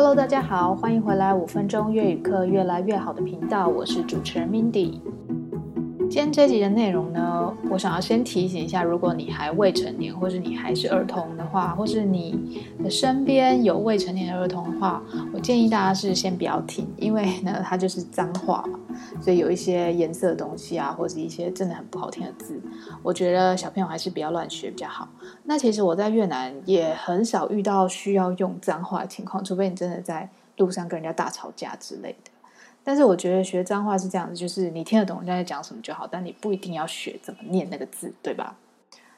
Hello，大家好，歡迎回來五分鐘越語課越來越好的頻道，我是主持人 Mindy。今天這集的內容呢，我想要先提醒一下，如果你還未成年，或者你還是兒童的話，或是你的身邊有未成年的兒童的話，我建議大家是先不要聽，因為呢，它就是髒話。所以有一些顏色的東西啊，或者一些真的很不好聽的字，我覺得小朋友還是不要亂學比較好。那其實我在越南也很少遇到需要用髒話的情況，除非你真的在路上跟人家大吵架之類的。但是我覺得學髒話是這樣子，就是你聽得懂人家在講什麼就好，但你不一定要學怎麼念那個字，對吧？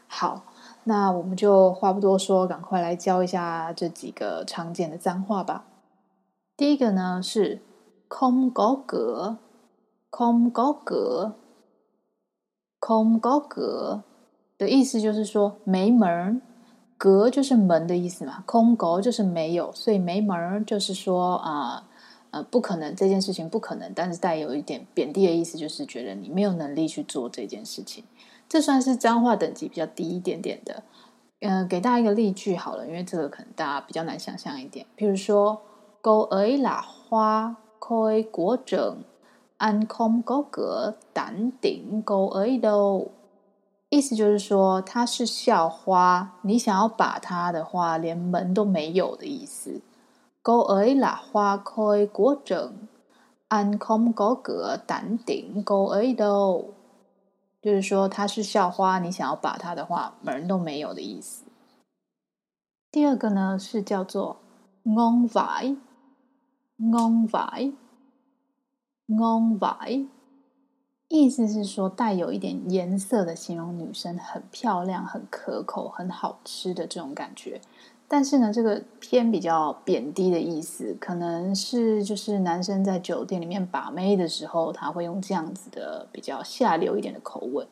好，那我們就話不多說，趕快來教一下這幾個常見的髒話吧。第一個呢是空格。空高格，空高格的意思就是說沒門，格就是門的意思嘛，空高就是沒有，所以沒門就是說啊、呃，呃，不可能，這件事情不可能。但是帶有一點貶低的意思，就是覺得你沒有能力去做這件事情。這算是髒話等級比較低一點點的。嗯、呃，給大家一個例句好了，因為這個可能大家比較難想象一點。比如說，狗兒一拉花，狗兒國整。安康高格膽頂高而已，意思就是說她是校花，你想要把他的花連門都沒有的意思。高而已啦，花開果正，安康高哥膽頂高而已，就是說她是校花，你想要把他的話門都沒有的意思。第二個呢是叫做昂懷，昂懷。Ngon vãi 意思是說帶有一點顏色的形容女生很漂亮、很可口、很好吃的這種感覺，但是呢，這個偏比較貶低的意思，可能是就是男生在酒店裡面把妹的時候，他會用這樣子的比較下流一點的口吻。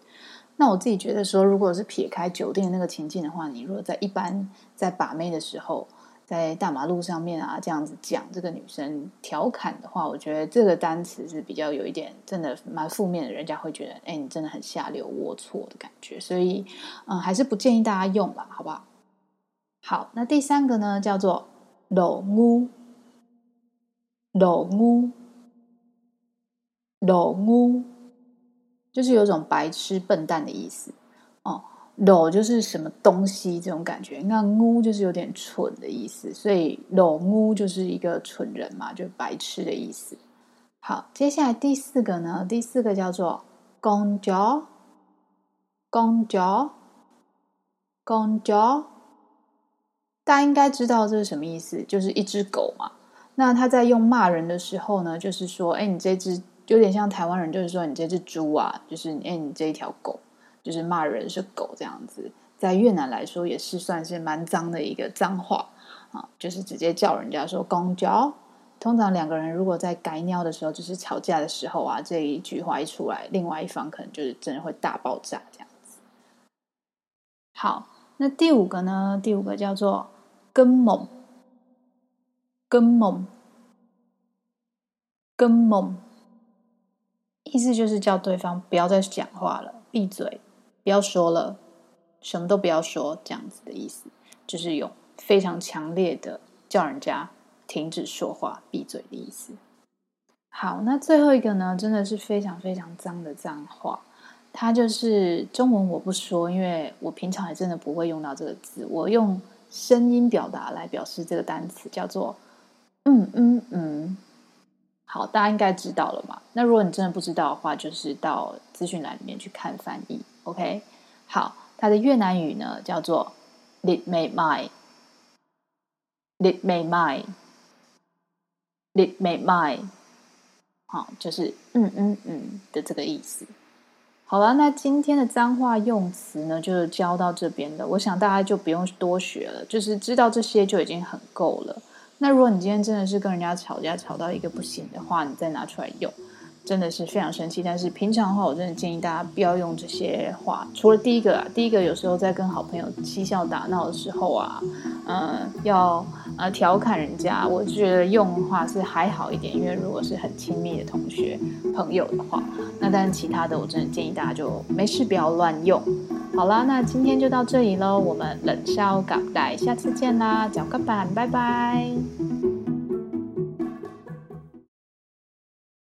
那我自己覺得說，如果是撇開酒店的那個情境的話，你如果在一般在把妹的時候。在大馬路上面啊，這樣子講這個女生調侃的話，我覺得這個單詞是比較有一點真的蠻負面的，人家會覺得，哎，你真的很下流齷齪的感覺，所以，嗯，還是不建議大家用了，好不好？好，那第三個呢，叫做老烏，老烏，老烏，就是有一種白痴笨蛋的意思，哦、嗯。魯就是什麼東西這種感覺，那烏就是有點蠢的意思，所以魯烏就是一個蠢人嘛，就白痴的意思。好，接下來第四個呢？第四個叫做公腳，公腳，公腳，大家應該知道這是什麼意思，就是一隻狗嘛。那他在用罵人的時候呢，就是說，哎，你這隻有點像台灣人，就是說你這隻豬啊，就是哎，你這一條狗。就是罵人是狗這樣子，在越南來說也是算是蠻髒的一個髒話啊，就是直接叫人家說 “con chó”。通常兩個人如果在改尿的時候，就是吵架的時候啊，這一句話一出來，另外一方可能就是真的會大爆炸這樣子。好，那第五個呢？第五個叫做跟 “câm mồm”，câm mồm，câm mồm，意思就是叫對方不要再講話了，閉嘴。不要說了，什麼都不要說，這樣子的意思，就是有非常強烈的叫人家停止說話、閉嘴的意思。好，那最後一個呢，真的是非常非常髒的髒話，它就是中文我不說，因為我平常也真的不會用到這個字，我用聲音表達來表示這個單詞，叫做嗯嗯嗯。嗯好，大家應該知道了吧？那如果你真的不知道的話，就是到資訊欄裡面去看翻譯，OK？好，它的越南語呢叫做 Địt mẹ mày，Địt mẹ mày，Địt mẹ mày，好，就是嗯嗯嗯的這個意思。好啦，那今天的髒話用詞呢，就教到這邊的。我想大家就不用多學了，就是知道這些就已經很夠了。那如果你今天真的是跟人家吵架吵到一個不行的話，你再拿出來用。真的是非常生氣。但是平常的話，我真的建議大家不要用這些話。除了第一個啊，第一個有時候在跟好朋友嬉笑打鬧的時候啊，嗯、呃，要呃調侃人家，我就覺得用的話是還好一點，因為如果是很親密的同學朋友的話，那但是其他的我真的建議大家就沒事不要亂用。好啦，那今天就到這裡嘍，我們冷笑話帶下次見啦，講個板，拜拜。